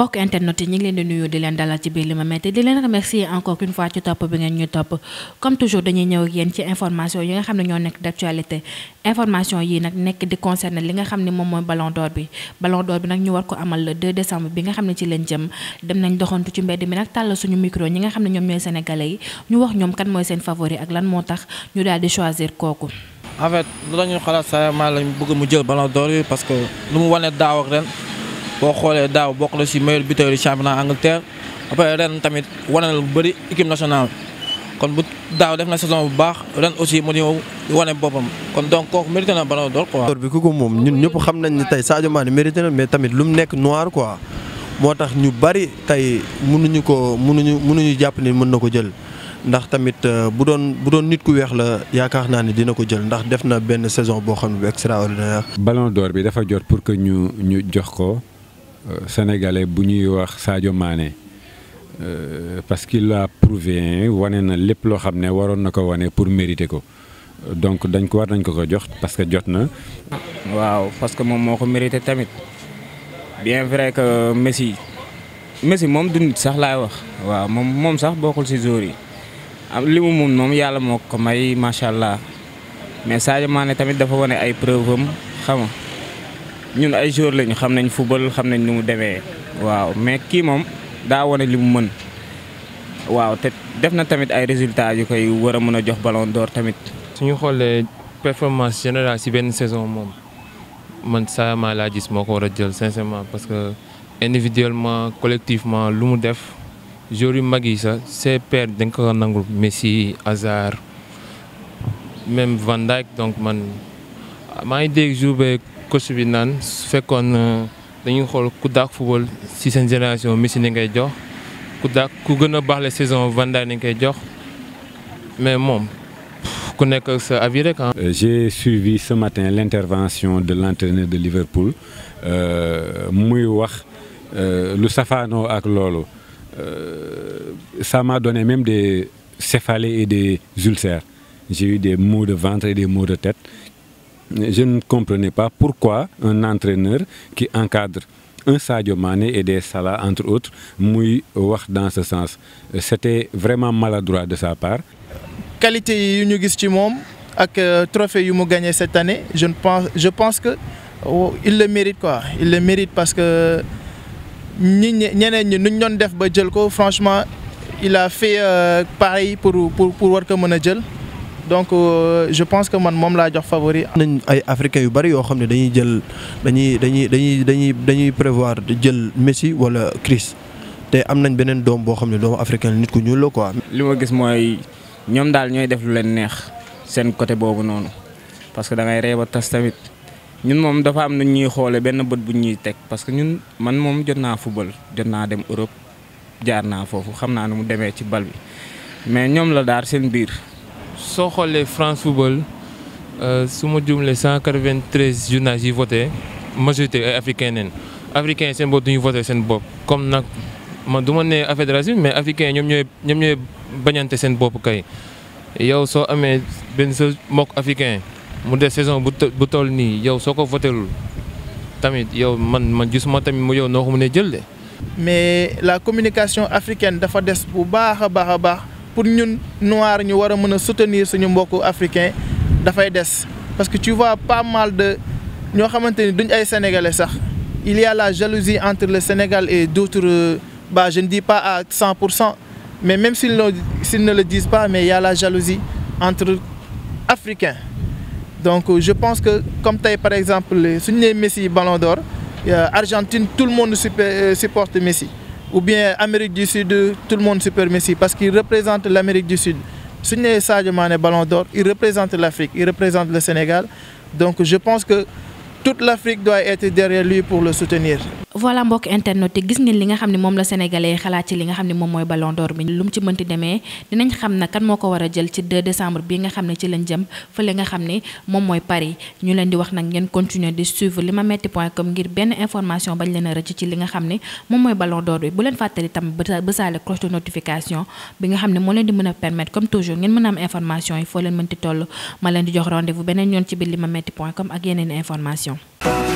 mbokk internet yi ñu ngi leen di nuyu di leen dalal ci biir Limametti di leen remercier encore une fois ci topp bi ngeen ñu topp comme toujours dañuy ñëw ak yéen ci information yi nga xam ne ñoo nekk d'actualité information yi nag nekk di concerner li nga xam ne moom mooy ballon d'or bi ballon d'or bi nag ñu war ko amal le 2 décembre bi nga xam ne ci leen jëm dem nañ doxantu ci mbedd mi nag tàll suñu micro ñi nga xam ne ñoom ñooy sénégalais yi ñu wax ñoom kan mooy seen favori ak lan moo tax ñu daal di choisir kooku en fait lu la ñuy xalaat Sadio Mané lañ bëgg mu jël ballon d'or yi parce que lu mu wane daaw ak ren boo xoolee daaw bokk na si meilleur buteur du championnat Angleterre après ren tamit wane na lu bëri équipe nationale. kon bu daaw def na saison bu baax ren aussi mu ñëw wane boppam kon donc kooku mérité na ballon d'or bi ku ko moom ñun ñëpp xam nañ ne tey Sadio Mané mérité na mais tamit lu mu nekk noir quoi moo tax ñu bari tey mënuñu ko mënuñu mënuñu jàpp ni mën na ko jël. ndax tamit euh, bu doon bu doon nit ku weex la yaakaar naa ni dina ko jël ndax def na benn saison boo xam ne bu extraordinaire. ballon d'or bi dafa jot pour que ñu ñu jox ko. Euh, sénégalais bu ñuy wax Sadio Mané euh, parce qu'il a prouvé hein, wane na lepp lo xamné waron nako na pour mériter ko donc dañ ko war nañ ko ko jox parce que jot na. waaw parce que mom moko mériter tamit bien vrai que Messi Messi mom du nit sax laay wax waaw mom mom sax bokul ci jour yi li mu mom moom yàlla moo may machallah mais Sadio Mané tamit dafa wane ay preuve xam nga ñun ay joueur lañu xam nañ football xam nañ nu mu demee waaw mais ki mom da woné limu mën waaw te def na tamit ay résultats yu koy war mëna jox ballon d'or tamit. suñu xolé performance générale ci ben saison mom man sa ma la gis moko wara jël sincèrement parce que individuellement collectivement lu mu def joueur yu magi sa c'est ses dañ ko nangul Messi Hazard même Van Dijk donc man ma ngi dégg jour coach bi naan su euh, dañuy xol ku dàq football si sen génération Messi ni ngay jox ku dàq ku gëna a baax la saison Van ni ngay jox mais mom ku nekk sa avis rek ah. j'ai suivi ce matin l'intervention de l'entraîneur de Liverpool euh muy wax euh lu safano ak loolu euh, ça m'a donné même des céphalées et des ulcères j'ai eu des maux de ventre et des maux de tête je ne comprenais pas pourquoi un entraîneur qui encadre un Sadio Mané et des Salah entre autres muy dans ce sens c'était vraiment maladroit de sa part. qualité yu ñu euh, trophée gagné cette année je pense je que oh, il le mérite quoi il le mérite parce que franchement il a fait euh, pareil pour pour pour donc euh, je pense que man mom la jox favori. nañ ay africains yu bari yo xamné dañuy jël dañuy dañuy dañuy dañuy dañuy prévoir jël Messi wala Chris té am nañ beneen doom boo xam ne africain nit ku ñuul la quoi. lima gis moy ñom daal ñoy def lu len neex sen côté bobu non parce que da ngay ree tas tamit ñun mom dafa am nañ ñuy xolé benn bët bu ñuy tek parce que ñun man mom jot naa football jot na dem Europe jaar naa foofu xam naa mu demee ci bal bi mais ñom la daar sen bir So le France football 193 euh, majorité africain voté comme je man à mais africain pas voté pour bañante kay yow africain mu saison bu tamit mais la communication africaine dafa très bu pour nous, noir ñu soutenir suñu Africains. africain parce que tu vois pas mal de Nous avons sénégalais sax il y a la jalousie entre le Sénégal et d'autres bah je ne dis pas à 100 mais même s'ils ne le disent pas mais il y a la jalousie entre africains donc euh, je pense que comme tu as par exemple suñu Messi Ballon d'Or euh, Argentine tout le monde euh, supporte Messi ou bien Amérique du Sud tout le monde se permet parce qu'il représente l'Amérique du Sud Ce je Sadio Mané Ballon d'Or il représente l'Afrique il représente le Sénégal donc je pense que toute l'Afrique doit être derrière lui pour le soutenir. voilà mbok internet yi gis ngeen li nga xam mom la sénégalais xalaat ci li nga xam mom moy ballon d'or bi lum ci mënti démé dinañ xam na kan moko wara jël ci 2 décembre bi nga xam ci lañ jëm feulé nga xam mom moy Paris ñu leen di wax nak ngeen continuer de suivre limametti ngir benn information bañ leen a ci li nga xam mom moy ballon d'or bi bu leen fatali tam beusale cloche de notification bi nga xam mo leen di mëna permettre comme toujours ngeen mëna am information yi fo leen mënti toll ma leen di jox rendez-vous benen yoon ci bi limametti ak yeneen information Education.